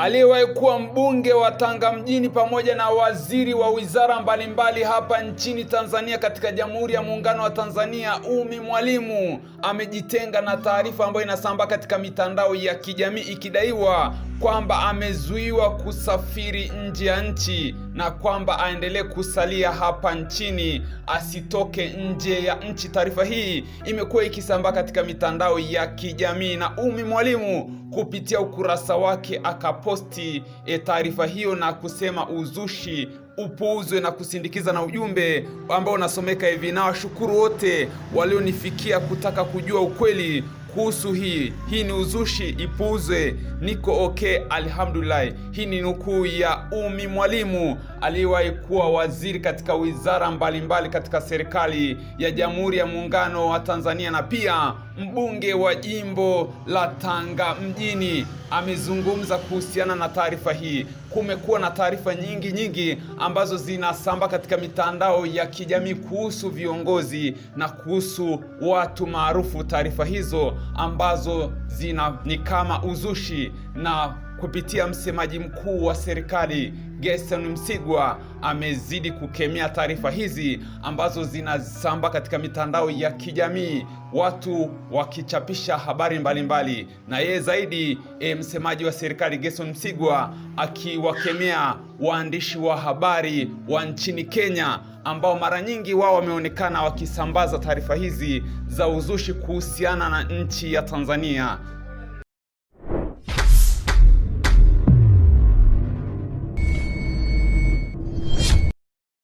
aliyewahi kuwa mbunge wa Tanga mjini pamoja na waziri wa wizara mbalimbali hapa nchini Tanzania katika Jamhuri ya Muungano wa Tanzania, umi Mwalimu amejitenga na taarifa ambayo inasambaa katika mitandao ya kijamii ikidaiwa kwamba amezuiwa kusafiri nje ya nchi na kwamba aendelee kusalia hapa nchini asitoke nje ya nchi. Taarifa hii imekuwa ikisambaa katika mitandao ya kijamii na umi Mwalimu kupitia ukurasa wake akaposti e, taarifa hiyo na kusema uzushi upuuzwe na kusindikiza na ujumbe ambao unasomeka hivi: na washukuru wote walionifikia kutaka kujua ukweli kuhusu hii hii ni uzushi, ipuuzwe. Niko okay, alhamdulillah. Hii ni nukuu ya umi Mwalimu aliyewahi kuwa waziri katika wizara mbalimbali mbali katika serikali ya Jamhuri ya Muungano wa Tanzania na pia mbunge wa jimbo la Tanga mjini amezungumza kuhusiana na taarifa hii. Kumekuwa na taarifa nyingi nyingi ambazo zinasamba katika mitandao ya kijamii kuhusu viongozi na kuhusu watu maarufu, taarifa hizo ambazo zina ni kama uzushi na kupitia msemaji mkuu wa serikali Gerson Msigwa amezidi kukemea taarifa hizi ambazo zinasamba katika mitandao ya kijamii, watu wakichapisha habari mbalimbali mbali. Na yeye zaidi e, msemaji wa serikali Gerson Msigwa akiwakemea waandishi wa habari wa nchini Kenya ambao mara nyingi wao wameonekana wakisambaza taarifa hizi za uzushi kuhusiana na nchi ya Tanzania.